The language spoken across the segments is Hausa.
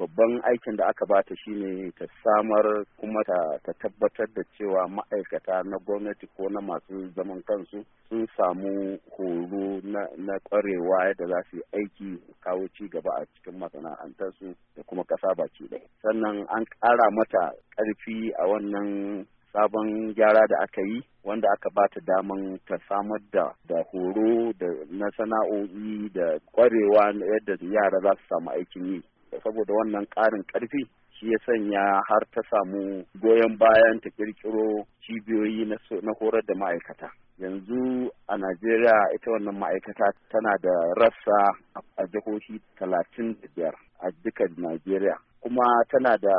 babban aikin da aka bata shine ta samar kuma ta tabbatar da cewa ma'aikata na gwamnati ko na masu zaman kansu sun samu horo na kwarewa yadda za su yi aiki kawo ci gaba a cikin masana'antarsu da kuma ƙasa baki ɗaya sannan an ƙara mata ƙarfi a wannan sabon gyara da aka yi wanda aka ba ta daman ta samar da da horo da na sana'o'i da kwarewa yadda yara za su samu aikin yi saboda wannan ƙarin ƙarfi shi ya sanya har ta samu goyon bayan ta kirkiro cibiyoyi na horar da ma'aikata yanzu a najeriya ita wannan ma'aikata tana da rassa a jihohi talatin da biyar a dukkan najeriya kuma tana da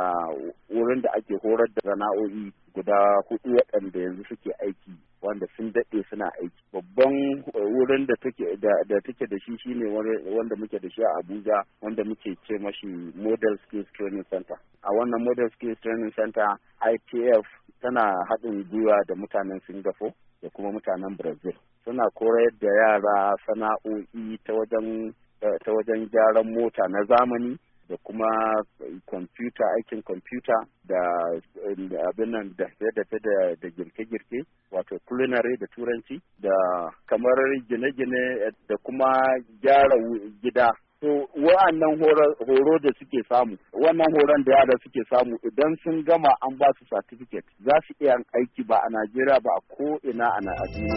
wurin da ake horar da sana'o'i guda hudu waɗanda yanzu suke aiki wanda sun daɗe suna aiki babban eh, wurin da take da take da shi shine wanda muke da shi a Abuja wanda muke ce mashi Model Skills Training Center a wannan Model Skills Training Center ITF tana haɗin gwiwa da mutanen Singapore da kuma mutanen Brazil suna koyar da yara sana'o'i ta wajen eh, ta wajen gyaran mota na zamani da kuma kwamfuta aikin kwamfuta da eh, abin nan da da da girke-girke wato culinary da turanci da kamar gine-gine eh, da kuma gyara gida to wa'annan horo da suke samu wannan horon da yara suke samu idan sun gama an ba su certificate za su iya aiki ba a Najeriya ba a ko ina a duniya